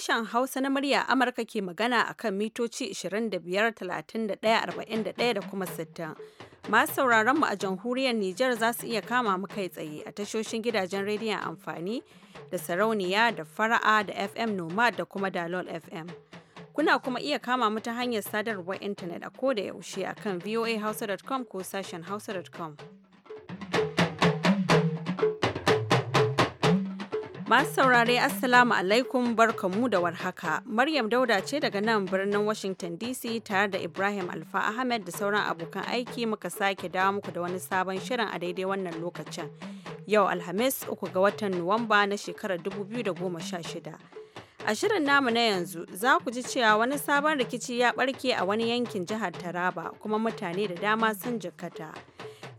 sashen Hausa na murya Amurka ke magana a kan mitoci 25,31,41 da kuma 60. Masu sauraron mu a jamhuriyar Nijar za su iya kama mu kai tsaye a tashoshin gidajen rediyon amfani da sarauniya da fara'a da FM Nomad da kuma Dalol FM. Kuna kuma iya kama mu ta hanyar sadarwar intanet a koda yaushe a kan voahausa.com ko sashen hausa.com. Masu saurare Assalamu alaikum barkamu da warhaka. Maryam Dauda ce daga nan birnin Washington DC tare da Ibrahim Alfa Ahmed da sauran abokan aiki muka sake dawo muku da wani sabon shirin a daidai wannan lokacin. Yau Alhamis uku ga watan Nuwamba na shekarar 2016. A shirin namu na yanzu za ku ji cewa wani sabon rikici ya barke a wani yankin jihar Taraba kuma mutane da dama sun jikkata.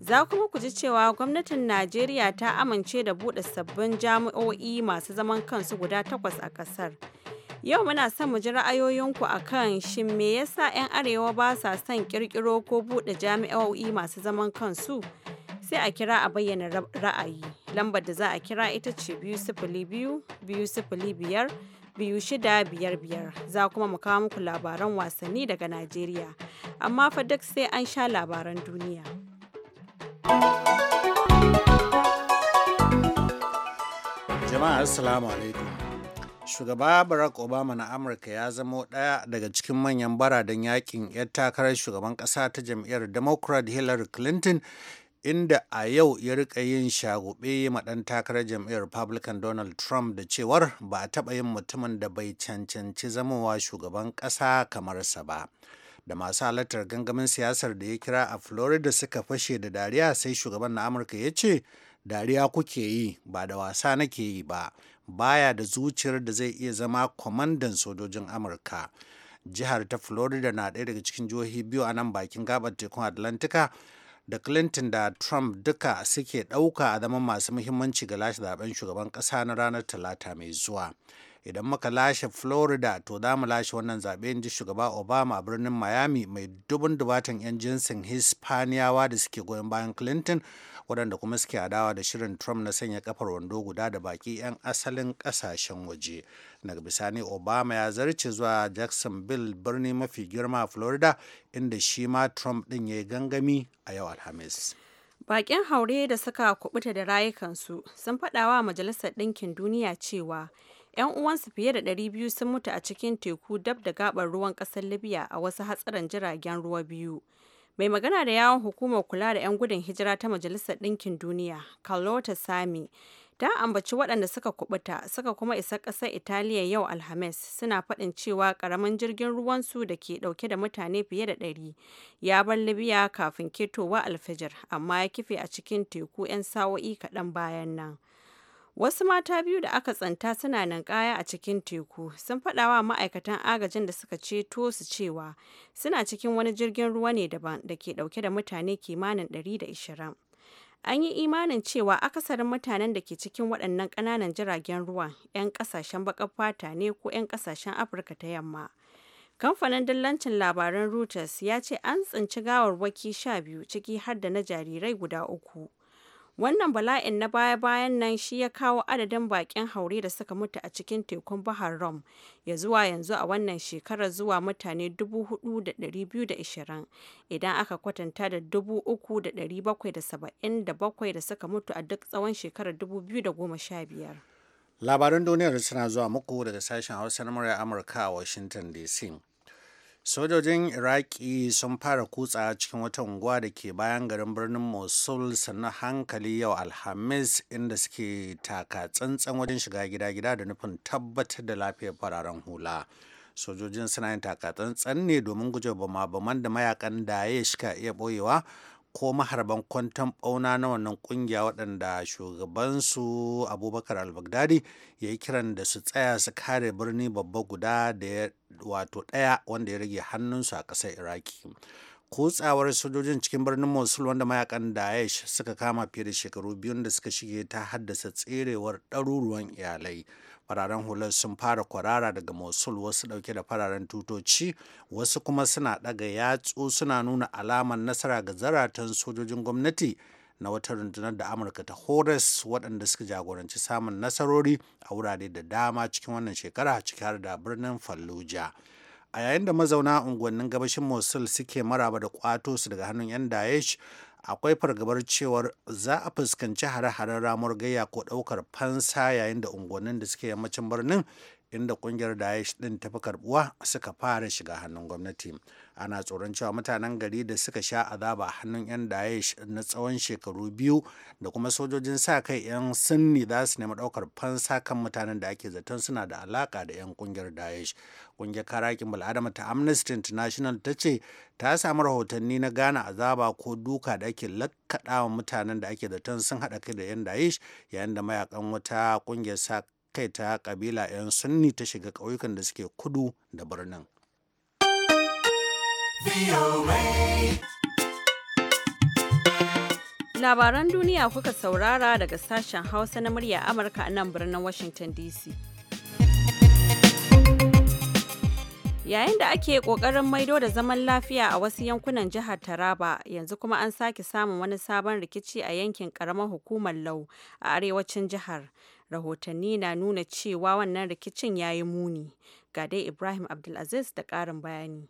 Za kuma ku ji cewa gwamnatin Najeriya ta amince da buɗe sabbin jami'o'i masu zaman kansu guda takwas a ƙasar. Yau muna son mu ji ra'ayoyinku a kan shin me yasa 'yan arewa ba sa son ƙirƙiro ko buɗe jami'o'i masu zaman kansu? Sai a kira a bayyana ra'ayi. Lambar da za a kira ita ce biyu sifili biyu, biyu Za kuma mu kawo muku labaran wasanni daga Najeriya. Amma fa duk sai an sha labaran duniya. Jama'a Assalamu alaikum. Shugaba Barack Obama na Amurka ya zama ɗaya daga cikin manyan baradan yakin 'yar takarar shugaban ƙasa ta jam'iyyar Democrat Hillary Clinton inda a yau ya rika yin shagube dan takarar jam'iyyar republican donald trump da cewar ba a taɓa yin mutumin da bai cancanci zamowa shugaban ƙasa kamar sa ba da masu halartar gangamin siyasar da ya kira a florida suka fashe da dariya sai shugaban na amurka ya ce dariya kuke yi ba da wasa nake yi ba baya da zuciyar da zai iya zama kwamandan sojojin amurka jihar ta florida na ɗaya daga cikin jihohi biyu a nan bakin gabar tekun atlantika da clinton da trump duka suke ɗauka a zaman masu muhimmanci ga lashe zaben shugaban ƙasa na ranar talata mai zuwa idan muka lashe florida to za mu lashe wannan zaɓe in ji shugaba obama a birnin miami mai dubun dubatan 'yan jinsin hispaniyawa da suke goyon bayan clinton waɗanda kuma suke adawa da shirin trump na sanya kafar wando guda da baki 'yan asalin ƙasashen waje daga bisani obama ya zarce zuwa jacksonville birni mafi girma a florida inda shi ma trump ɗin ya yi gangami a yau alhamis bakin haure da suka kubuta da rayukansu sun faɗawa majalisar ɗinkin duniya cewa 'Yan uwansu fiye da 200 sun mutu a cikin teku dab da gabar ruwan kasar Libya a wasu hatsarin jiragen ruwa biyu. Mai magana da yawon hukumar kula da 'yan gudun hijira ta Majalisar Ɗinkin Duniya, ta Sami, ta ambaci waɗanda suka kubuta suka kuma isa ƙasar Italiya yau Alhamis suna faɗin cewa ƙaramin jirgin ruwansu da ke ɗauke da mutane fiye da ɗari ya bar Libya kafin ketowa alfijir amma ya kife a cikin teku 'yan sa'o'i kaɗan bayan nan. Wasu mata biyu da aka tsanta suna ninƙaya a cikin teku sun faɗa wa ma'aikatan agajin da suka ceto su cewa suna cikin wani jirgin ruwa ne daban da ke ɗauke da mutane kimanin 120. An yi imanin cewa akasarin mutanen da ke cikin waɗannan ƙananan jiragen ruwa 'yan ƙasashen baƙar fata ne ko 'yan ƙasashen Afirka ta yamma. Kamfanin dillancin labaran Reuters ya ce an tsinci gawarwaki 12 ciki har da na jarirai guda uku. Wannan bala'in na baya-bayan nan shi ya kawo adadin bakin haure da suka mutu a cikin tekun Bahar rom ya zuwa yanzu a wannan shekarar zuwa mutane 4,220 idan aka kwatanta da 3,777 da suka mutu a duk tsawon shekarar 2015. Labaran duniyar suna zuwa muku daga sashen Hausa na Amurka a Washington DC. sojojin iraki sun fara kutsa cikin wata unguwa da ke bayan garin birnin mosul sannan hankali yau alhamis inda suke taka tsantsan wajen shiga gida-gida da nufin tabbatar da lafiyar fararen hula sojojin suna yin taka ne domin gujewa bama-baman da mayakan da ya shika iya boyewa ko maharban kwantan bauna na wannan kungiya waɗanda shugabansu abubakar al-baghdadi ya yi kiran da su tsaya su kare birni babba guda da wato ɗaya wanda ya rage hannunsu a ƙasar iraki kutsawar sojojin cikin birnin mosul wanda mayakan daesh suka kama fiye da shekaru biyun da suka shige ta haddasa tserewar ɗaruruwan iyalai fararen hular sun fara kwarara daga mosul wasu dauke da fararen tutoci wasu kuma suna daga yatsu suna nuna alamar nasara ga zaratan sojojin gwamnati na wata rundunar da amurka ta horas waɗanda suka jagoranci samun nasarori a wurare da dama cikin wannan shekara ciki har da birnin fallujah a yayin da mazauna unguwannin gabashin mosul suke maraba da kwato su daga hannun 'yan daesh akwai fargabar cewar za a fuskanci hare-haren ramar gayya ko ɗaukar fansa yayin da unguwannin da suke yammacin birnin inda kungiyar daesh din tafi karbuwa suka fara shiga hannun gwamnati ana tsoron cewa mutanen gari da suka sha azaba hannun 'yan daesh na tsawon shekaru biyu da kuma sojojin sa kai 'yan sunni za su nemi ɗaukar fansa kan mutanen da ake zaton suna da alaka da 'yan kungiyar daesh kungiyar karakin bal'adama ta amnesty international ta ce ta samu rahotanni na gane azaba ko duka da ake lakkaɗa wa mutanen da ake zaton sun haɗa kai da 'yan daesh yayin da mayakan wata kungiyar sa kai ta kabila 'yan sunni ta shiga ƙauyukan da suke kudu da birnin. Labaran duniya kuka saurara daga sashen Hausa na murya Amurka a nan birnin Washington DC. Yayin da ake ƙoƙarin maido da zaman lafiya a wasu yankunan jihar Taraba, yanzu kuma an sake samun wani sabon rikici a yankin ƙaramar hukumar Lau a arewacin jihar. Rahotanni na nuna cewa wannan rikicin ya yi muni. Ga Ibrahim Abdulaziz da ƙarin bayani.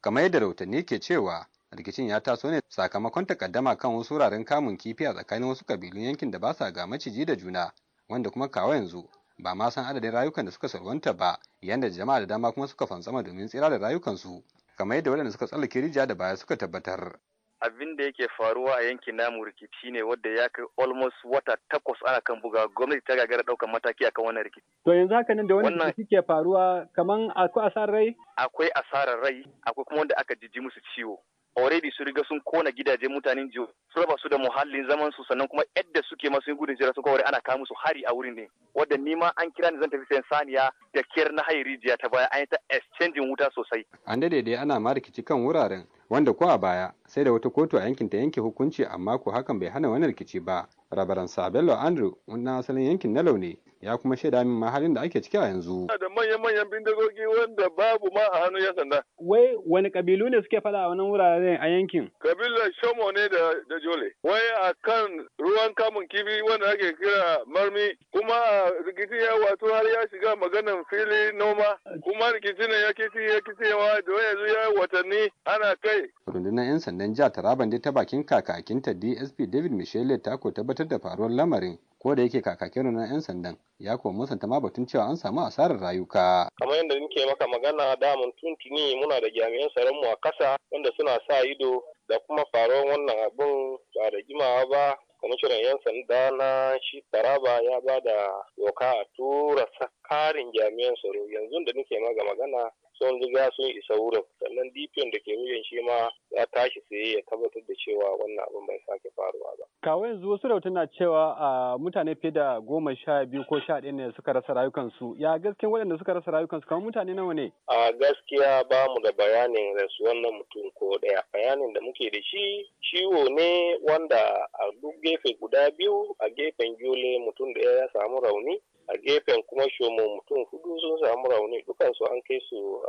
kamar yadda rahotanni ke cewa rikicin ya taso ne sakamakon takaddama kan wasu wuraren kamun kifi a tsakanin wasu kabilun yankin da ba sa ga maciji da juna wanda kuma kawo yanzu ba ma san adadin rayukan da suka salwanta ba yanda jama'a da dama kuma suka fantsama domin tsira da rayukansu kamar yadda waɗanda suka tsallake rijiya da baya suka tabbatar abin da yake faruwa a yankin namu rikici ne wadda ya kai almost wata takwas ana kan buga gwamnati ta gagara ɗaukar mataki akan wannan rikici. To yanzu haka nan da wani rikici ke faruwa kaman akwai asarar rai? Akwai asarar rai akwai kuma wanda aka jijji musu ciwo. already su riga sun kona gidajen mutanen jiyo su raba su da muhallin zaman su sannan kuma yadda suke masu gudun jira sun kawai ana kawo musu hari a wurin ne wadda ni ma an kira ni zan tafi sayan saniya da kiyar na hayi rijiya ta baya an yi ta exchange wuta sosai an dade dai ana ma rikici kan wuraren wanda ko a baya sai da wata kotu a yankin ta yanke hukunci amma ko hakan bai hana wani rikici ba rabaran sabello andrew na asalin yankin na launi ya kuma shaida min ma halin da ake ciki a yanzu. da manyan-manyan bindigogi wanda babu ma a hannun 'yan sanda. Wai wani kabilu ne suke fada a wurare wuraren a yankin? Kabilar Shomo ne da Jole. Wai a kan ruwan kamun kifi wanda ake kira marmi kuma a rikici ya wato har ya shiga maganan fili noma kuma rikici ne ya kici ya kici da yanzu ya watanni ana kai. Rundunar 'yan sandan jihar Taraban ta bakin kakakinta DSP David Michele Tako tabbatar da faruwar lamarin ko da yake kakakin rundunar 'yan sandan ya kuma musanta ma batun cewa an samu asarar rayuka. Kamar yadda muke maka magana da mun tuntuni muna da jami'an tsaronmu a kasa wanda suna sa ido da kuma faruwar wannan abun ba da jimawa ba kwamishinan 'yan sanda na shi taraba ya ba da doka a tura karin jami'an tsaro yanzu da nake maga magana sun riga sun isa wurin sannan dpn da ke wuyan shi ma ya tashi sai ya tabbatar da cewa wannan abin bai sake faruwa ba. kawo yanzu wasu rahoton na cewa a mutane fiye da goma sha biyu ko sha ɗaya ne suka rasa rayukansu ya gaskiya waɗanda suka rasa rayukansu kamar mutane nawa ne. a gaskiya ba mu da bayanin rasu na mutum ko ɗaya bayanin da muke da shi ciwo ne wanda a duk gefe guda biyu a gefen jole mutum da ya samu rauni a gefen kuma shomo mutum hudu sun samu rauni dukansu an kai su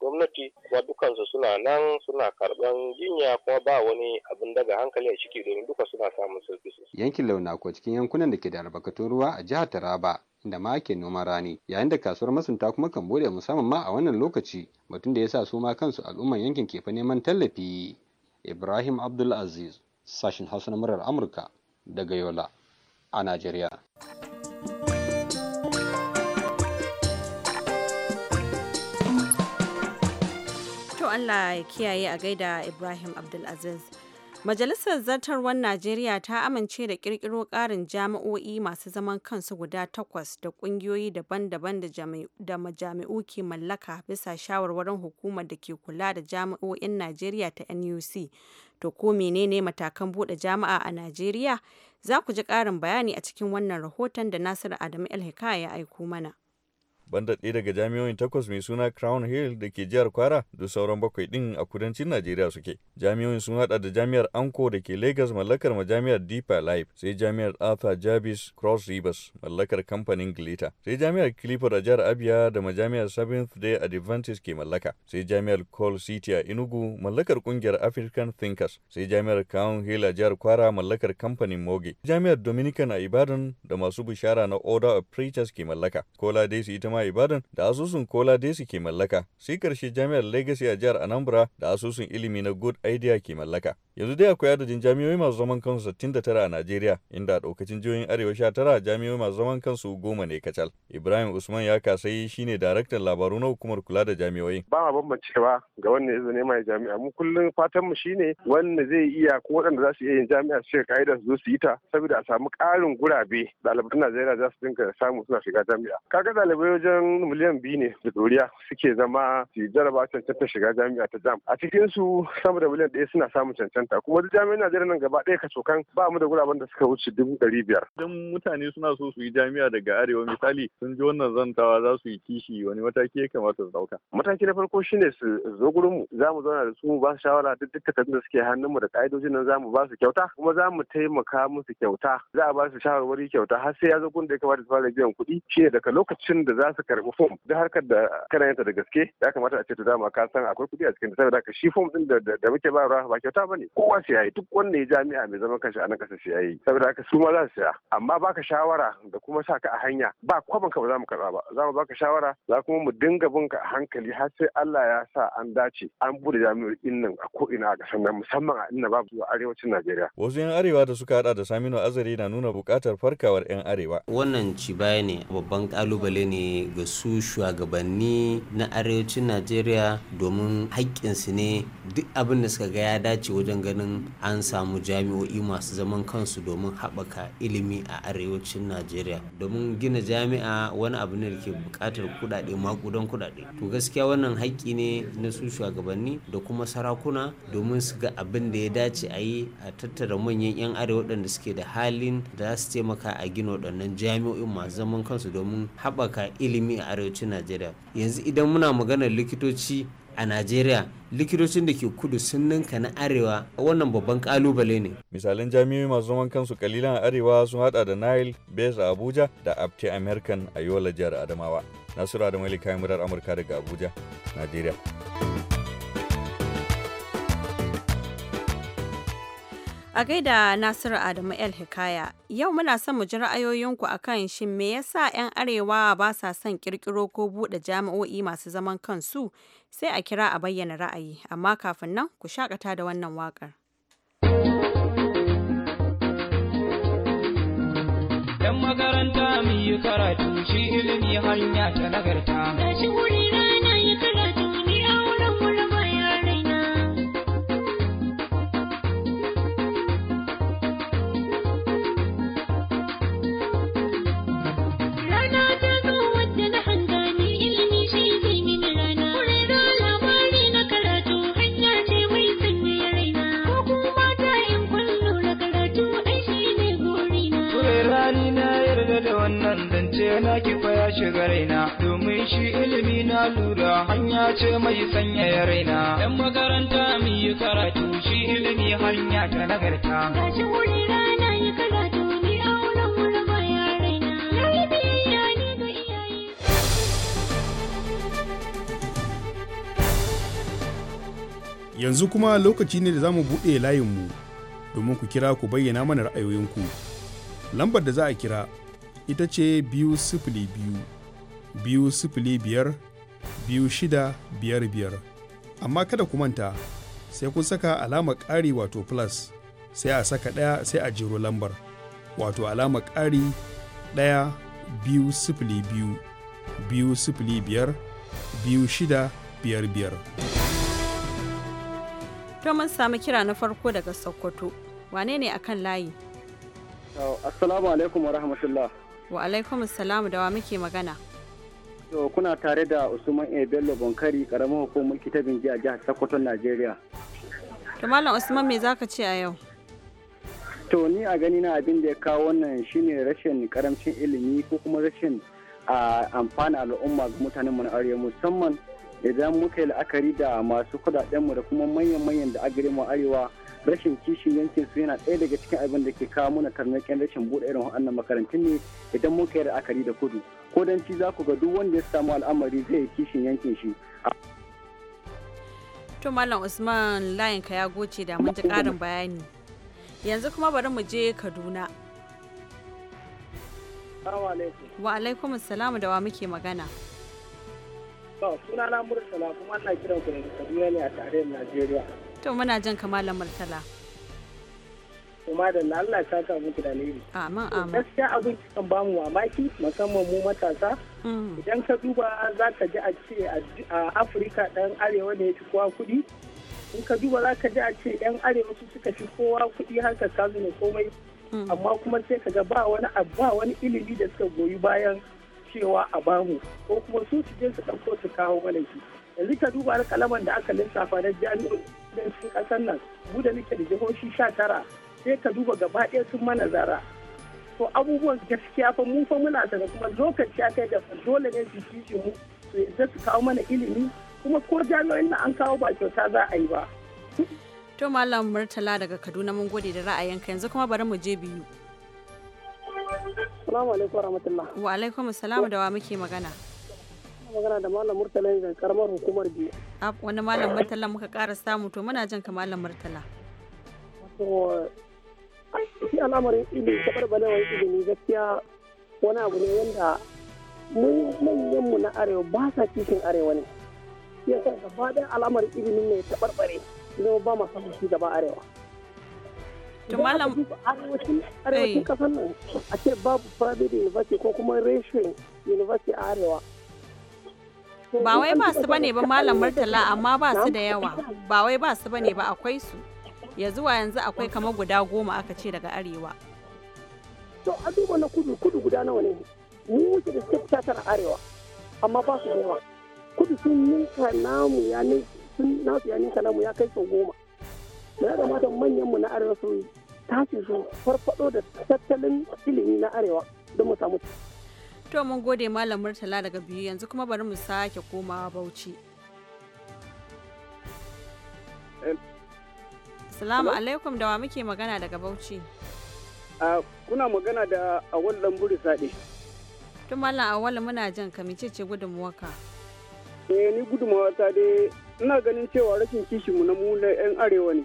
gwamnati kuma dukansu suna nan suna karban jinya kuma ba wani abin daga hankali a ciki domin duka suna samun sauki yankin launa ko cikin yankunan da ke da albarkatun ruwa a jihar taraba da ma ake noman rani yayin da kasuwar masunta kuma kan bude musamman ma a wannan lokaci batun da ya sa su ma kansu al'umman yankin ke fa neman tallafi ibrahim abdulaziz sashin hausa na murar amurka daga yola a najeriya Allah ya kiyaye a gaida Ibrahim Abdulaziz. Majalisar Zartarwar Najeriya ta amince da kirkiro ƙarin jami'o'i masu zaman kansu guda takwas da ƙungiyoyi daban-daban da majami'u ke mallaka bisa shawarwarin hukumar da ke kula da jami'o'in Najeriya ta NUC. To ko menene matakan buɗe jama'a a Najeriya? Za ku ji ƙarin bayani a cikin wannan rahoton da Nasiru Adamu El ya aiko mana. banda ɗaya daga jami'o'in takwas mai suna crown hill da ke jihar kwara da sauran bakwai ɗin a kudancin najeriya suke jami'o'in sun hada da jami'ar anko da ke lagos mallakar majami'ar deeper life sai jami'ar arthur jarvis cross rivers mallakar kamfanin glitter sai jami'ar clifford a jihar abia da majami'ar seventh day adventist ke mallaka sai jami'ar col city a enugu mallakar kungiyar african thinkers sai jami'ar crown hill a jihar kwara mallakar kamfanin moge jami'ar dominican a ibadan da masu bishara na order of preachers ke mallaka kola dai su ita Adama Ibadan da asusun Kola Desi ke mallaka, sai karshe Jami'ar Legacy a jihar Anambra da asusun ilimi na Good Idea ke mallaka. Yanzu dai akwai adadin jami'oi masu zaman kansu 69 a Najeriya, inda a ɗaukacin jihohin Arewa 19 jami'oi masu zaman kansu goma ne kacal. Ibrahim Usman ya kasai shine daraktan labaru na hukumar kula da jami'oi. Ba ma bambancewa ga ya zane mai jami'a. Mu kullum fatanmu shine wanda zai iya ko waɗanda za su iya yin jami'a su shiga ka'ida su zo su yi ta saboda a samu ƙarin gurabe ɗaliban Najeriya za su dinga samu suna shiga jami'a. Kaga ɗalibai wajen miliyan biyu ne da doriya suke zama su jaraba cancanta shiga jami'a ta jam a cikin su sama da miliyan ɗaya suna samun cancanta kuma duk jami'an najeriya nan gaba ɗaya kacokan ba mu da guraben da suka wuce dubu ɗari biyar. idan mutane suna so su yi jami'a daga arewa misali sun ji wannan zantawa za su yi kishi wani mataki ya kamata su ɗauka. mataki na farko shine su zo gurin mu za mu zauna da su mu ba su shawara duk duk takardun da suke hannun mu da ka'idojin nan za mu ba su kyauta kuma za mu taimaka musu kyauta za a ba su shawarwari kyauta har sai ya zo gun da ya kamata su fara biyan kuɗi shine daga lokacin da za su karɓi fom da harkar da kana yanta da gaske ya kamata a ce ta dama ka san akwai kuɗi a cikin saboda shi fom din da da muke ba ra ba kyauta bane kowa sai yayi duk wanda ya jami'a mai zaman kanshi a nan kasa sai yayi saboda haka su ma za su saya amma baka shawara da kuma sa ka a hanya ba kwaban ka ba za mu karba ba za mu baka shawara za kuma mu dinga bin ka hankali har sai Allah ya sa an dace an bude din nan a ko ina a kasar nan musamman a inda babu zuwa arewacin Najeriya wasu 'yan arewa da suka hada da Saminu Azari na nuna bukatar farkawar 'yan arewa wannan ci baya ne babban kalubale ne ga su shugabanni na arewacin najeriya domin haƙƙinsu ne duk abin da suka ga ya dace wajen ganin an samu jami'o'i masu zaman kansu domin haɓaka ilimi a arewacin najeriya domin gina jami'a wani abu ne da ke buƙatar kuɗaɗe maƙudan kuɗaɗe to gaskiya wannan haƙƙi ne na su shugabanni da kuma sarakuna domin su ga abin da ya dace a yi a tattara manyan 'yan arewa waɗanda suke da halin da za su taimaka a gina waɗannan jami'o'in masu zaman kansu domin haɓaka ilimi ilimi a arewacin najeriya yanzu idan muna maganar likitoci a najeriya likitocin da ke kudu sun ninka na arewa wannan babban kalubale ne Misalin jami'oi masu zaman kansu kalilan arewa sun hada da nile base a abuja da apte american a yola jihar adamawa nasiru da malika murar amurka daga abuja najeriya A gaida Nasiru Adamu El Hikaya, yau muna son mu ji ra'ayoyinku a kan shin me yasa 'yan arewa ba sa son kirkiro ko buɗe jami'o'i masu zaman kansu sai a kira a bayyana ra'ayi, amma kafin nan ku shakata da wannan waƙar. Yan makaranta mai yi karatu shi ilimi hanya ta nagarta. shi ilimi na lura hanya ce mai sanyaya raina yan makaranta mu yi karatu shi ilimi hanya ta nagarta wuri rana yi karatu ni a wurin wurin raina yi biyayya ni ga iyaye yanzu kuma lokaci ne da za mu buɗe layinmu domin ku kira ku bayyana mana ra'ayoyinku lambar da za a kira ita ce biyu sifili biyu biyu sifili biyar biyu shida biyar biyar amma kada ku manta sai kun saka alama ƙari wato plus sai a saka ɗaya sai a jiro lambar wato alama ƙari ɗaya biyu sifili biyu biyu sifili biyar biyu shida biyar biyar. To mun sami kira na farko daga Sokoto. Wane ne a kan layi? Assalamu alaikum wa rahmatullah. Wa alaikum assalamu da wa muke magana. To kuna tare da Usman ebello Bello Bonkari karamin hukumar ta Binji a jihar Sokoto, Najeriya. To Malam Usman me zaka ce a yau? To ni a gani na abin da ya kawo wannan shine rashin karamcin ilimi ko kuma rashin a amfana al'umma ga mutanen mu na arewa musamman idan muka yi la'akari da masu kudaden mu da kuma manyan manyan da agirin mu arewa rashin kishin yankin su yana ɗaya daga cikin abin da ke kawo mana tarnaƙin rashin buɗe irin wannan makarantun ne idan mun kai akari da kudu ko dan ci za ku ga duk wanda ya samu al'amari zai yi kishin yankin shi. to malam usman layin ka ya goce da mun ji ƙarin bayani yanzu kuma bari mu je kaduna. wa alaikum da wa muke magana. to sunana murtala kuma ana kiran ku kaduna ne a tarayyar najeriya. to muna jan kamala martala kuma da Allah ta ka muku da alheri amin amin gaskiya abin kan bamu mamaki musamman mu matasa hmm. idan ka duba za ka ji a ce a Afirka dan arewa ne ya ci kowa kuɗi in ka duba za ka ji a ce yan arewa su suka fi kowa kudi harka kazu ne komai hmm. amma kuma sai ka ga ba wani ba wani ilimi da suka goyi bayan cewa a bamu ko kuma su su je su ɗauko su kawo mana shi yanzu ka duba alƙalaman da aka lissafa na jami'o. cikin kasar nan mu da nake da jihohi sha tara sai ka duba gaba ɗaya sun mana zara to abubuwan gaskiya fa mu fa muna daga kuma lokaci aka da gaba dole ne su ci mu su yadda su kawo mana ilimi kuma ko jami'an na an kawo ba kyauta za a yi ba. to malam murtala daga kaduna mun gode da ra'ayinka yanzu kuma bari mu je biyu. Salamu alaikum wa rahmatullah. Wa alaikum salam da wa muke magana. magana da Malam Murtala ne daga karamar hukumar biyu. Ah, wani Malam Murtala muka ƙara samu to muna jan ka Malam Murtala. Wato, shi al'amarin ilimi, taɓarɓarewar ilimi gaskiya wani abu ne wanda manyanmu na arewa ba sa cikin arewa ne. Ya sa gaba ɗaya al'amarin ilimin ne taɓarɓare, zama ba masu samun gaba arewa. to malam arewacin kasar nan a ce babu private university ko kuma reshen university a arewa ba wai ba su bane ba malam murtala amma ba su da yawa ba wai ba su bane ba akwai su ya zuwa yanzu akwai kamar guda goma aka ce daga arewa to a duba na kudu kudu guda nawa ne mu wuce da suke fita tara arewa amma ba su da yawa kudu sun ninka namu ya sun nasu ya ninka namu ya kai sau goma da ya kamata manyan mu na arewa sun tashi su farfado da tattalin ilimi na arewa don mu samu To mun gode Malam Murtala daga biyu yanzu kuma bari mu sake komawa Bauchi. Salamu alaikum da wa muke magana daga Bauchi. kuna magana da awal lamburi saɗe. Tun Malam awal muna jan ka ce gudunmuwarka. Eh ni gudunmuwa ta dai ina ganin cewa rashin kishinmu na mu na 'yan arewa ne.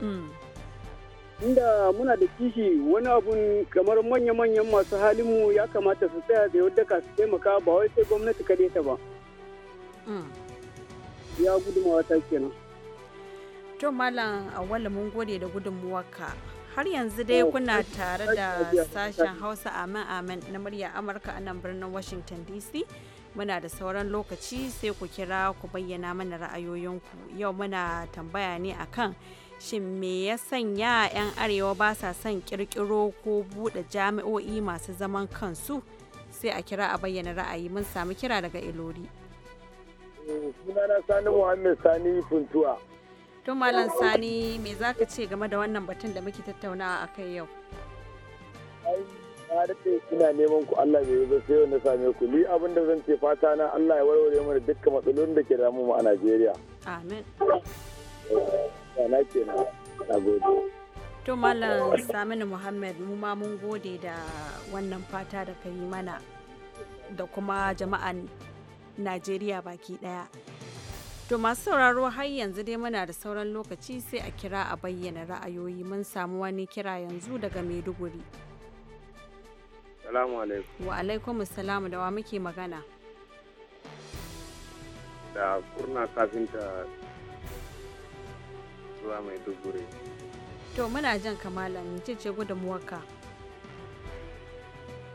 Mm. inda muna da kishi wani abun kamar manya-manyan masu halinmu ya kamata su tsaya da yadda ka su taimaka ba wai sai gwamnati kaɗai ta ba. Mm. Ya gudunmawa ta kenan. To Malam Awala mun gode da ka Har yanzu dai oh, kuna tare da sashen Hausa Amin Amin na murya Amurka a nan birnin Washington DC. Muna da sauran lokaci sai ku kira ku bayyana mana ra'ayoyinku. Yau muna tambaya ne akan shin me ya sanya 'yan arewa ba sa son kirkiro ko buɗe jami'o'i masu zaman kansu sai a kira a bayyana ra'ayi mun samu kira daga ilori eh, sunana sani muhammed sani funtuwa tun malam sani me za ka ce game da wannan batun da muke tattaunawa a kai yau ina neman ku Allah bai yi sai wanda same ku ni abin da zan ce fata na Allah ya warware mana dukkan matsalolin da ke damu mu a Najeriya amin To Malam Saminu Muhammad mu ma mun gode da wannan fata da ka yi mana da kuma jama'an Najeriya baki daya. To masu sauraro har yanzu dai muna da sauran lokaci sai a kira a bayyana ra'ayoyi mun samu wani kira yanzu daga Maiduguri. Salamu alaikum. Wa alaikum salamu da wa muke magana. Da kurna kafinta zuwa dubure. to muna jan kamala ne ce gudunmuwarka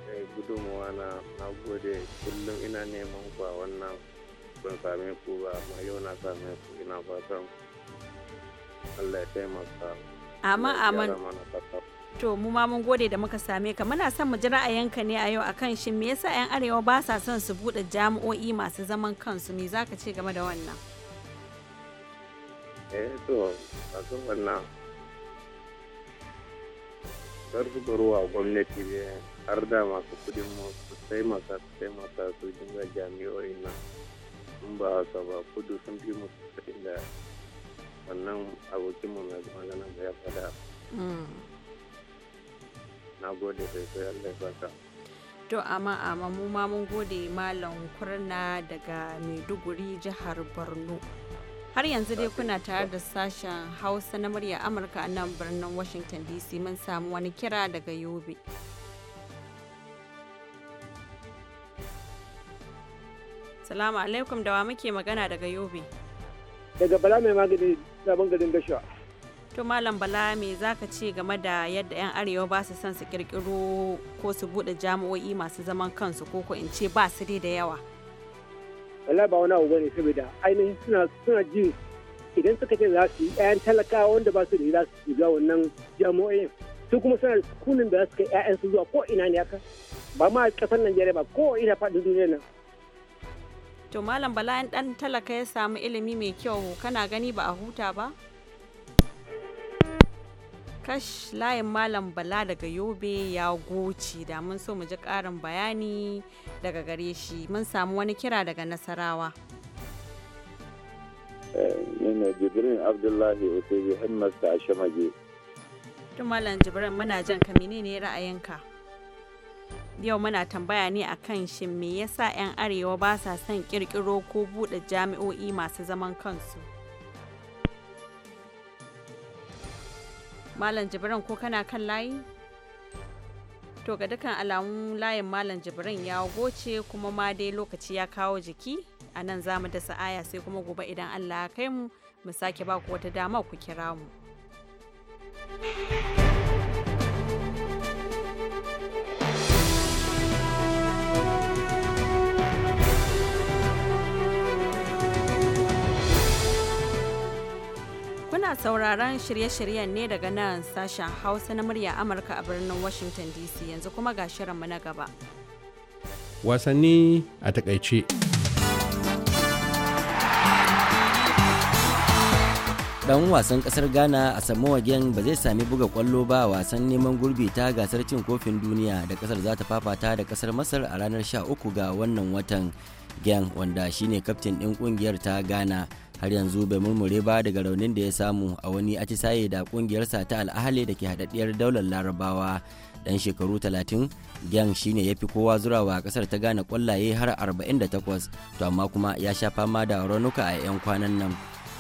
eh, gudunmuwa na na gode kullum ina neman ku a wannan ban same ku ba amma yau na same ku ina fatan Allah ya taimaka amma aman to mu ma mun gode da muka same ka muna son mu ji ra'ayinka ne a yau akan shin me yasa 'yan arewa ba sa son su bude jami'o'i masu zaman kansu me zaka ce game da wannan eh to a kan wannan karfafarwa gwamnati ne har da masu kudin su taimaka su taimaka su dinga jami'o'i na in ba haka ba kudu sun fi musu kudin da wannan abokinmu mai magana da ya fada hmm. na gode sai allah ya baka to amma amma mu ma mun gode malam kurna daga maiduguri jihar borno Har yanzu dai kuna tare da sashen Hausa na murya Amurka a nan birnin Washington DC mun samu wani kira daga Yobe. Salamu alaikum dawa muke magana daga Yobe. Daga Bala mai magani sabon garin Gashuwa. To Malam Bala me zaka ce game da yadda 'yan Arewa ba su son su kirkiro ko su bude jami'o'i masu zaman kansu ko ko in ce ba su dai da yawa. wala ba wani abu bane saboda ainihin suna suna jin idan suka ce za su yi ƴaƴan talakawa wanda ba su da za su shiga wannan jami'o'in su kuma suna da sukunin da za su kai ƴaƴan zuwa ko ina ne haka ba ma kasar Najeriya ba ko ina faɗin duniya nan. To Malam Bala ɗan talaka ya samu ilimi mai kyau kana gani ba a huta ba? kash layin malam bala daga yobe ya goce da mun so mu ji karin bayani daga gare shi mun samu wani kira daga nasarawa eh, ne jibrin abdullahi usaini a shamage tun malam jibrin muna jan ka menene ra'ayinka yau muna tambaya ne a kan shin me yasa 'yan arewa ba sa son kirkiro ko buɗe jami'o'i masu zaman kansu Malam Jibrin ko kana kan layi? To ga dukan alamu layin Malam Jibrin ya goce kuma ma dai lokaci ya kawo jiki a nan za mu dasa aya sai kuma gobe idan Allah ya kai mu mu sake ba ku wata dama ku kira mu. sauraron shirye-shiryen ne daga nan sashen Hausa na murya Amurka a birnin Washington DC yanzu kuma ga shirinmu na gaba. Wasanni a takaice. dan wasan kasar ghana a samuwa gen ba zai sami buga kwallo ba wasan neman gurbi ta gasar cin kofin duniya da kasar za ta fafata da kasar masar a ranar 13 ga wannan watan gen wanda shine kaftin din kungiyar ta ghana har yanzu bai murmure ba daga raunin da ya samu a wani atisaye da kungiyarsa ta al'ahali da ke haɗaɗɗiyar daular larabawa dan shekaru 30 gyan shine ya fi kowa zurawa kasar ta gane kwallaye har 48 to amma kuma ya sha fama da raunuka a 'yan kwanan nan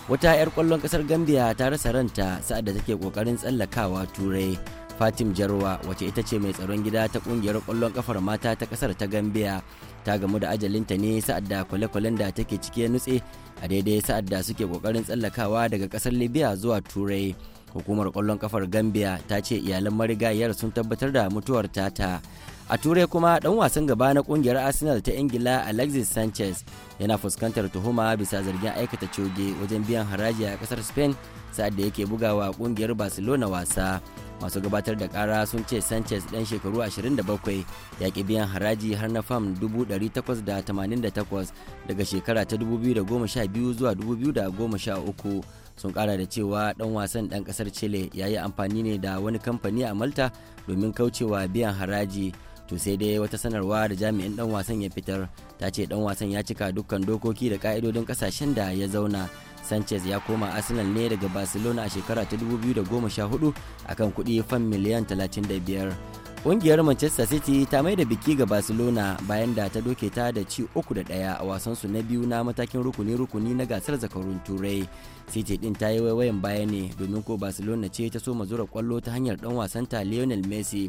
wata 'yar kwallon kasar gambia ta rasa ranta sa'ad take kokarin tsallakawa turai fatim jarwa wace ita ce mai tsaron gida ta kungiyar kwallon kafar mata ta kasar ta gambia ta gamu da ajalinta ne sa'ad da kwale-kwalen da take ciki cike nutse a daidai sa'ad da suke kokarin tsallakawa daga kasar libya zuwa turai hukumar kwallon kafar gambia ta ce iyalan marigayar sun tabbatar da mutuwar tata a turai kuma dan wasan gaba na kungiyar arsenal ta ingila alexis sanchez yana fuskantar tuhuma bisa zargin aikata coge wajen biyan haraji a kasar spain sa'ad da yake bugawa kungiyar barcelona wasa masu gabatar da kara sun ce sanchez dan shekaru 27 ya ki biyan haraji har na fam 888 daga shekara ta 2012 zuwa 2013 sun kara da cewa dan wasan dan kasar chile ya yi amfani ne da wani kamfani a malta domin kaucewa biyan haraji to sai dai wata sanarwa da jami'in dan wasan ya fitar ta ce dan wasan ya cika dukkan dokoki da ka'idodin kasashen da ya zauna sanchez ya koma arsenal ne daga barcelona a shekara ta 2014 akan kuɗi fan miliyan 35 Ƙungiyar Manchester City ta mai da biki ga Barcelona bayan da ta doke ta da ci uku da ɗaya a wasansu na biyu na matakin rukuni-rukuni na gasar zakarun Turai. City ɗin ta yi waiwayen baya ne domin ko Barcelona ce ta so zura kwallo ta hanyar ɗan wasanta Lionel Messi.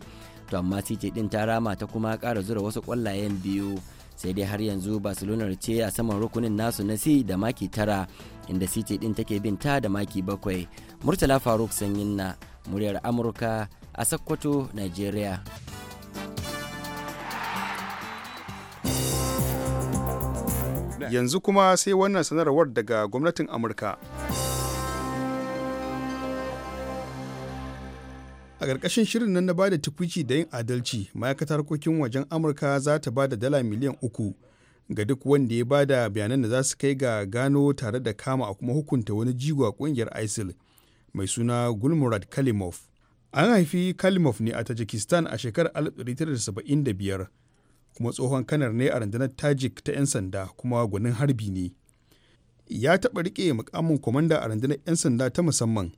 To amma City ɗin ta rama ta kuma ƙara zura wasu ƙwallayen biyu. sai dai har yanzu barcelona ce a saman rukunin nasu na si da maki tara inda city din take bin ta da maki bakwai murtala faruk sanyin na muryar amurka a sakkwato nigeria yanzu kuma sai wannan sanarwar daga gwamnatin amurka a ƙarƙashin shirin nan na da tukwici da yin adalci ma'aikatar harkokin wajen amurka za ta ba da dala miliyan uku ga duk wanda ya ba da bayanan da za su kai ga gano tare da kama a kuma hukunta wani jigo a ƙungiyar isil mai suna gulmurad kalimov an haifi kalimov ne a tajikistan a shekarar 1975 kuma tsohon kanar ne a rundunar tajik ta 'yan sanda kuma gwanin harbi ne ya taɓa riƙe mukamin kwamanda a rundunar 'yan sanda ta musamman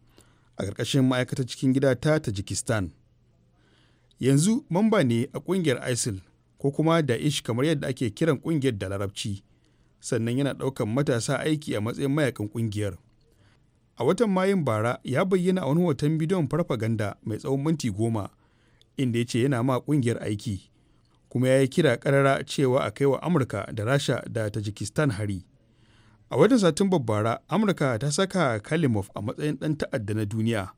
a ƙarƙashin ma'aikatar cikin gida ta tajikistan yanzu mamba ne a ƙungiyar isil ko kuma da'ish kamar yadda ake kiran ƙungiyar da larabci sannan yana ɗaukan matasa aiki a matsayin mayakan ƙungiyar a watan mayun bara ya bayyana a wani hoton bidiyon farfaganda mai tsawon minti goma inda ya ce yana ma ƙungiyar aiki kuma ya yi kira ƙarara cewa a kai wa amurka da rasha da tajikistan hari A watan Satumbar bara, Amurka ta saka Kalimov a matsayin dan ta'adda na duniya.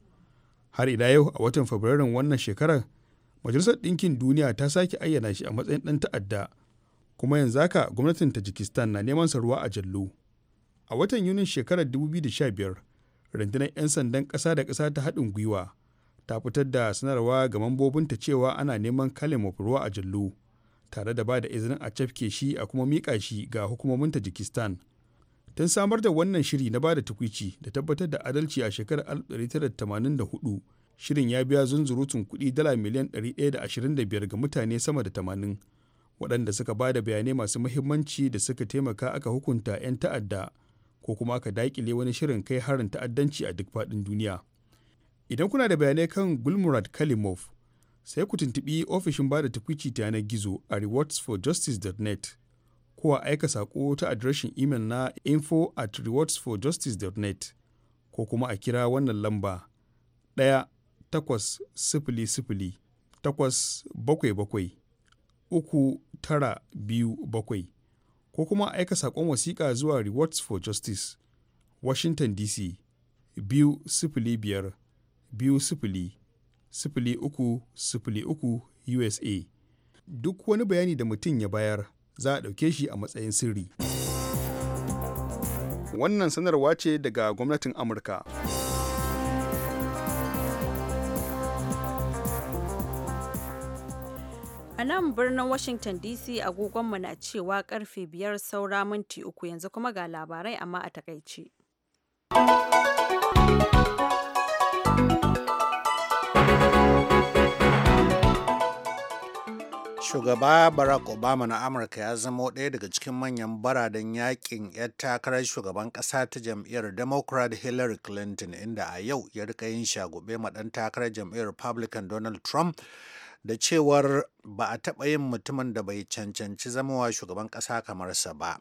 Har ila yau a watan Fabrairun wannan shekarar, Majalisar Ɗinkin Duniya ta sake ayyana shi a matsayin dan ta'adda, kuma yanzu haka gwamnatin Tajikistan na neman sa ruwa a jallo. A watan Yunin shekarar 2015, rundunar 'yan sandan ƙasa da ƙasa ta haɗin gwiwa ta fitar da sanarwa ga mambobinta cewa ana neman Kalimov ruwa a jallo, tare da ba da izinin a cafke shi a kuma miƙa shi ga hukumomin Tajikistan. tun samar da wannan shiri na bada tukwici da tabbatar da adalci a shekarar 1984 shirin ya biya zunzurutun kuɗi dala miliyan 125 ga mutane sama da 80 waɗanda suka ba da bayanai masu mahimmanci da suka taimaka aka hukunta 'yan ta'adda ko kuma aka daƙile wani shirin kai harin ta'addanci a duk faɗin duniya idan kuna da bayanai kan gulmurad kalimov sai ku tuntuɓi ofishin bada da tukwici ta yanar gizo a rewardsforjustice.net ko a aika saƙo ta adireshin imel na info at rewardsforjustice.net ko kuma a kira wannan lamba ɗaya takwas sifili sifili takwas bakwai bakwai uku tara biyu bakwai ko kuma a aika saƙon wasiƙa zuwa rewards for justice washington dc biyu sifili biyar biyu sifili sifili uku sifili uku usa duk wani bayani da mutum ya bayar za a ɗauke shi a matsayin sirri. Wannan sanarwa ce daga gwamnatin Amurka. A nan birnin Washington DC agogonmu na cewa karfe biyar saura minti uku yanzu kuma ga labarai amma a takaice. shugaba barack obama na amurka ya zama ɗaya daga cikin manyan baradan yakin 'yar takarar shugaban ƙasa ta jam'iyyar democrat hillary clinton inda a yau ya rika yin shagube ma ɗan takarar jam'iyyar republican donald trump da cewar ba a taɓa yin mutumin da bai cancanci zamowa shugaban ƙasa kamar sa ba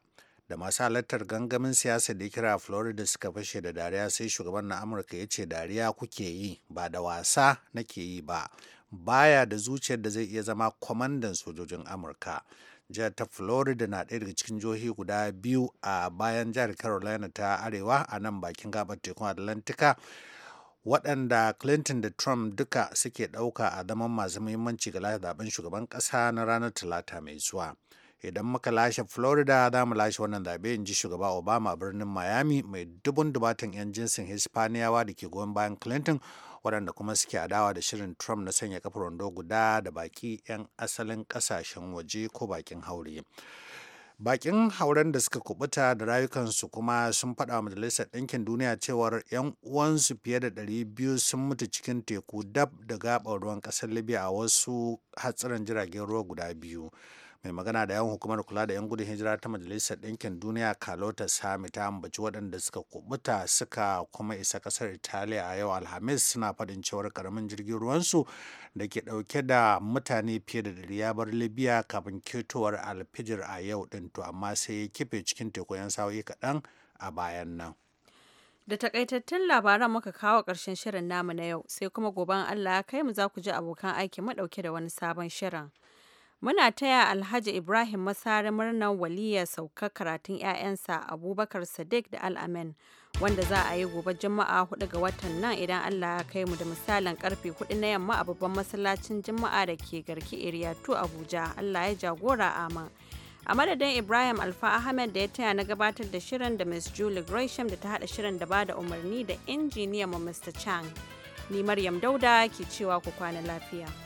da masu halartar gangamin siyasa da ya kira florida suka fashe da dariya sai shugaban na amurka ya ce dariya kuke yi ba da wasa nake yi ba baya da zuciyar da zai iya zama kwamandan sojojin amurka jihar ta florida na ɗaya daga cikin jihohi guda biyu a bayan jihar carolina ta arewa a nan bakin gabar tekun atlantika waɗanda clinton da trump duka suke ɗauka a zaman masu muhimmanci ga zaben shugaban ƙasa na ranar talata mai zuwa idan muka lashe florida za mu lashe wannan zaɓe in ji shugaba obama birnin miami mai dubun dubatan 'yan jinsin hispaniyawa da ke goyon bayan clinton waɗanda kuma suke adawa da shirin trump na sanya kafar wando guda da baki 'yan asalin ƙasashen waje ko bakin haure bakin hauren da suka kubuta da rayukansu kuma sun faɗa majalisar ɗinkin duniya cewar 'yan uwansu fiye da 200 sun mutu cikin teku dab da gaɓar ruwan ƙasar libya a wasu hatsarin jiragen ruwa guda biyu mai magana da yawan hukumar kula da 'yan gudun hijira ta majalisar ɗinkin duniya carlota sami ta ambaci waɗanda suka kubuta suka kuma isa kasar italiya a yau alhamis suna faɗin cewar ƙaramin jirgin ruwansu da ke ɗauke da mutane fiye da dari ya bar libya kafin ketowar alfijir a yau ɗin to amma sai ya kife cikin teku 'yan sa'o'i kaɗan a bayan nan Da takaitattun labaran muka kawo ƙarshen shirin namu na yau, sai kuma gobe Allah ya kai mu za ku ji abokan aiki madauke da wani sabon shirin. Muna taya Alhaji Ibrahim Masari murnar waliyya sauka karatun 'ya'yansa Abubakar Sadiq da Al-Amin wanda za a yi gobe Juma'a hudu ga watan nan idan Allah ya kai mu da misalin karfe 4 na yamma a babban masallacin Juma'a da ke Garki Area 2 Abuja. Allah ya jagora ama a madadin ibrahim alfa ahmed da ya taya na gabatar da shirin da miss julie gresham da ta hada shirin da bada umarni da injiniya ma mr chang ni maryam dauda ke cewa ku kwana lafiya